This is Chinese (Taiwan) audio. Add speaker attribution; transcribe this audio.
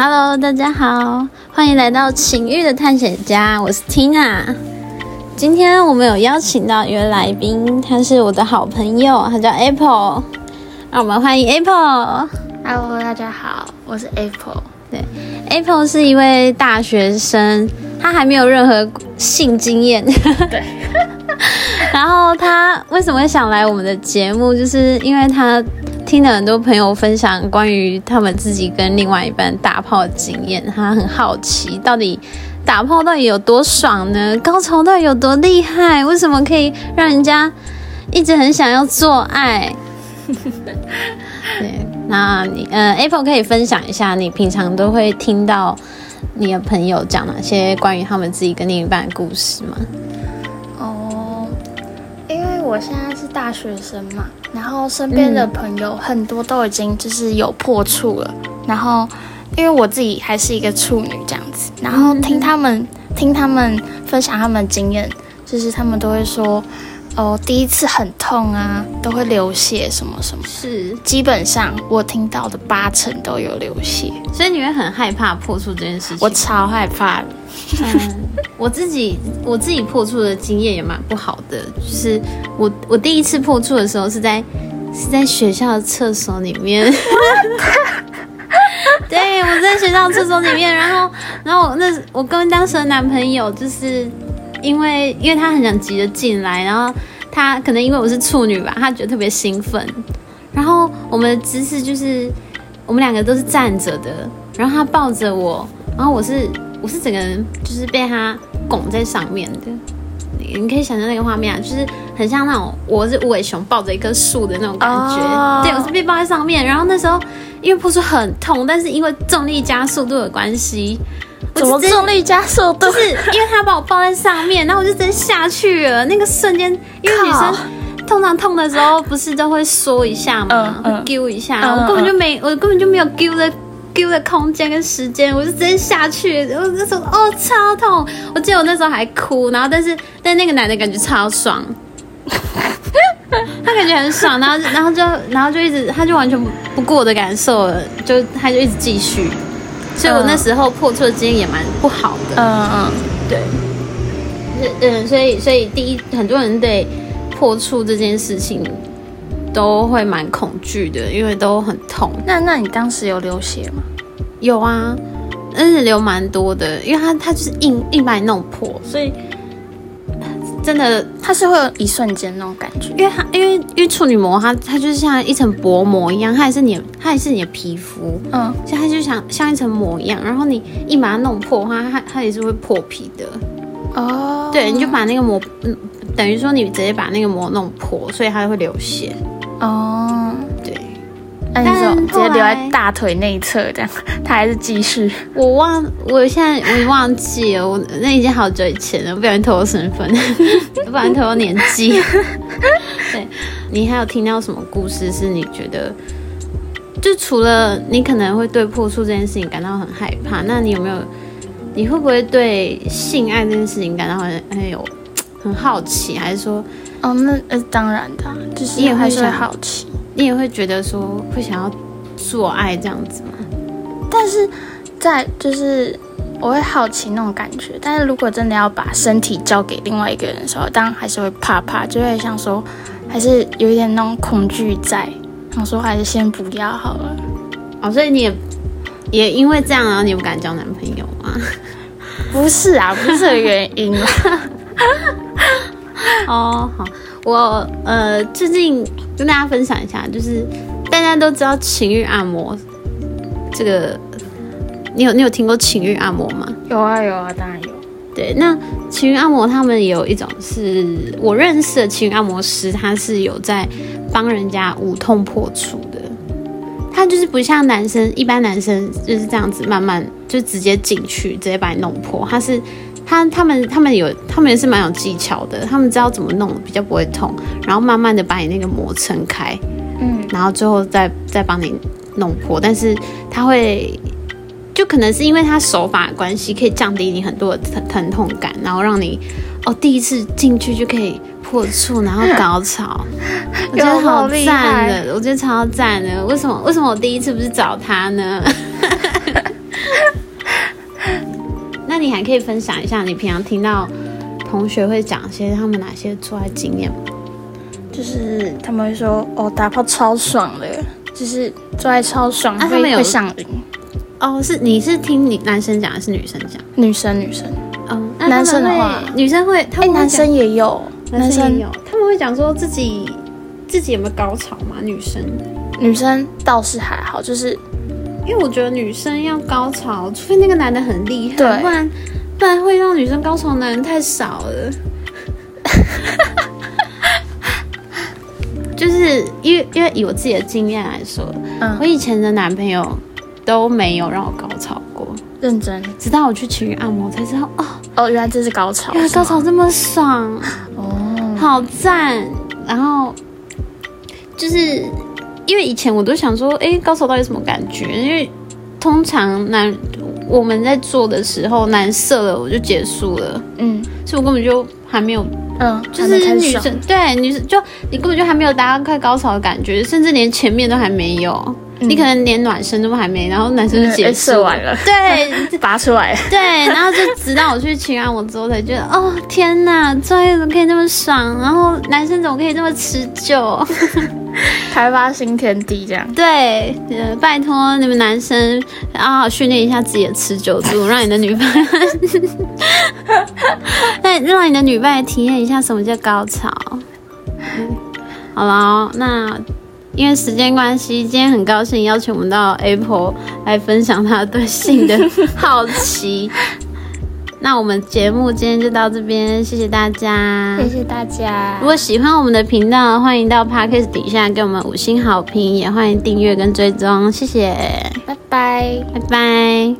Speaker 1: Hello，大家好，歡迎來到情慾的探險家，我是 Tina。今天我們有邀請到一位來賓，他是我的好朋友，他叫 Apple。讓我們歡迎 Apple。Hello，大家好，我是 Apple。對，Apple 是一位大學生，他還沒有任何性經驗。 對。 然後他為什麼會想來我們的節目？就是因為他。聽了很多朋友分享關於他們自己跟另外一半打炮經驗，他很好奇，到底打炮到底有多爽呢？高潮到底有多厲害？為什麼可以讓人家一直很想要做愛？ 對，那你，呃，Apple 可以分享一下，你平常都會聽到你的朋友講哪些關於他們自己跟另一半的故事嗎？我現在是大學生嘛，然後身邊的朋友很多都已經就是有破處了，嗯、然後因為我自己還是一個處女這樣子，然後聽他們、嗯、聽他們分享他們經驗，就是他們都會說，哦，第一次很痛啊，嗯、都會流血什麼什麼，是基本上我聽到的八成都有流血，所以你會很害怕破處這件事情？我超害怕的 我自己我自己破處的經驗也蠻不好的，就是我我第一次破處的時候是在是在學校的廁所裡面， 對我在學校廁所裡面，然後然後我那我跟當時的男朋友，就是因為因為他很想急着進來，然後他可能因為我是處女吧，他覺得特別興奮，然後我們的姿勢就是我們兩個都是站着的，然後他抱着我，然後我是我是整個人就是被他。拱在上面的，對，你可以想象那個畫面啊，就是很像那種我是無尾熊抱着一棵樹的那種感覺。Oh. 對，我是被抱在上面，然後那時候因為不是很痛，但是因為重力加速度的關係，怎麼重力加速度？就是因為他把我抱在上面，然後我就直接下去了。那個瞬間，因為女生通常痛的時候不是都會縮一下嘛，uh, uh. 會揪一下，我根本就沒, uh, uh. 我根本就沒，我根本就沒有揪的。的空間跟時間，我就直接下去。我那時候哦，超痛！我記得我那時候還哭。然後，但是但那個男的感覺超爽， 他感覺很爽。然後，然後就然後就一直，他就完全不顧我的感受了，就他就一直繼續。嗯。所以，我那時候破處的經驗也蠻不好的。嗯嗯，對。嗯，所以所以第一，很多人對破處這件事情。都會蠻恐懼的，因為都很痛。那那你當時有流血嗎？有啊，但是流蠻多的，因為它它就是一硬，硬把你弄破，所以真的它是會有一瞬間那種感覺。因為它因為因為處女膜它它就是像一層薄膜一樣，它也是你它也是你的皮膚，嗯，所以它就像像一層膜一樣。然後你一把它弄破的話，它它也是會破皮的。哦，對，你就把那個膜，嗯，等於說你直接把那個膜弄破，所以它就會流血。哦、oh，對，那你這種直接留在大腿內側這樣，他還是繼續。我忘，我現在我忘記了，我那已經好久以前了，我不小心你透露身份， 我不小心你透露年紀。 對，你還有聽到什麼故事？是你覺得，就除了你可能會對破處這件事情感到很害怕，那你有沒有，你會不會對性愛這件事情感到很很有？很好奇還是說，哦，那呃當然的，就是你也會好奇，你也會覺得說，會想要做愛這樣子嗎？但是在就是我會好奇那種感覺，但是如果真的要把身體交給另外一個人的時候，當然還是會怕怕，就會想說還是有一點那種恐懼在，然後說還是先不要好了。哦，所以你也也因為這樣然後你不敢交男朋友嗎？不是啊，不是這個原因。 哦，好，我呃，最近跟大家分享一下，就是大家都知道情慾按摩這個，你有你有聽過情慾按摩嗎？有啊有啊，當然有。對，那情慾按摩他們也有一種是我認識的情慾按摩師，他是有在幫人家無痛破處的，他就是不像男生，一般男生就是這樣子慢慢就直接進去，直接把你弄破，他是。他他們他們有，他們也是蠻有技巧的，他們知道怎麼弄比較不會痛，然後慢慢的把你那個膜撐開，嗯，然後最後再再幫你弄破。但是他會，就可能是因為他手法關係，可以降低你很多的疼疼痛感，然後讓你哦第一次進去就可以破處，然後高潮。嗯，
Speaker 2: 我覺得好贊的好厲害，
Speaker 1: 我覺得超贊的。為什麼為什麼我第一次不是找他呢？你還可以分享一下，你平常聽到同學會講些他們哪些做愛經驗？就是他們會說，哦，打炮超爽的，就是做愛超爽，啊、他們有會上癮。哦，是你是聽你男生講還是女生講？女生女生，嗯、哦啊，男生的話，他們女生會，哎、欸，男生也有，男生也有，他們會講說自己自己有沒有高潮嗎？女生，女生倒是還好，就是。因為我覺得女生要高潮，除非那個男的很厲害，不然不然會讓女生高潮的男人太少了。 就是因為因為以我自己的經驗來說、嗯，我以前的男朋友都沒有讓我高潮過。認真，直到我去情慾按摩才知道，哦哦，原來這是高潮，原來高潮這麼爽，哦，好讚。然後就是。因為以前我都想說，哎、欸，高潮到底什麼感覺？因為通常男我們在做的時候，男色了我就結束了，嗯，所以我根本就還沒有，嗯，就是女生對女生就你根本就還沒有達到快高潮的感覺，甚至連前面都還沒有。嗯、你可能連暖身都還沒，然後男生就結束，嗯、完了，對， 拔出來對，然後就直到我去情按，我之後，才覺得 哦天吶，做愛怎麼可以那麼爽，然後男生怎麼可以那麼持久？開 發新天地這樣。對，拜托你們男生好好訓練一下自己的持久度 的， 讓你的女伴，讓讓你的女伴體驗一下什麼叫高潮。 好了，那。因為時間關係，今天很高興邀請我們到 Apple 來分享他對性的好奇。 那我們節目今天就到這邊，謝謝大家，謝謝大家。如果喜歡我們的頻道，歡迎到 Podcast 底下給我們五星好評，也歡迎訂閱跟追蹤，謝謝，拜拜，拜拜。